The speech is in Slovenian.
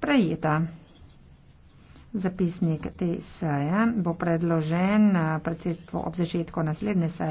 sprejeta. Zapisnik te seje bo predložen eh, predsedstvo ob začetku naslednje seje.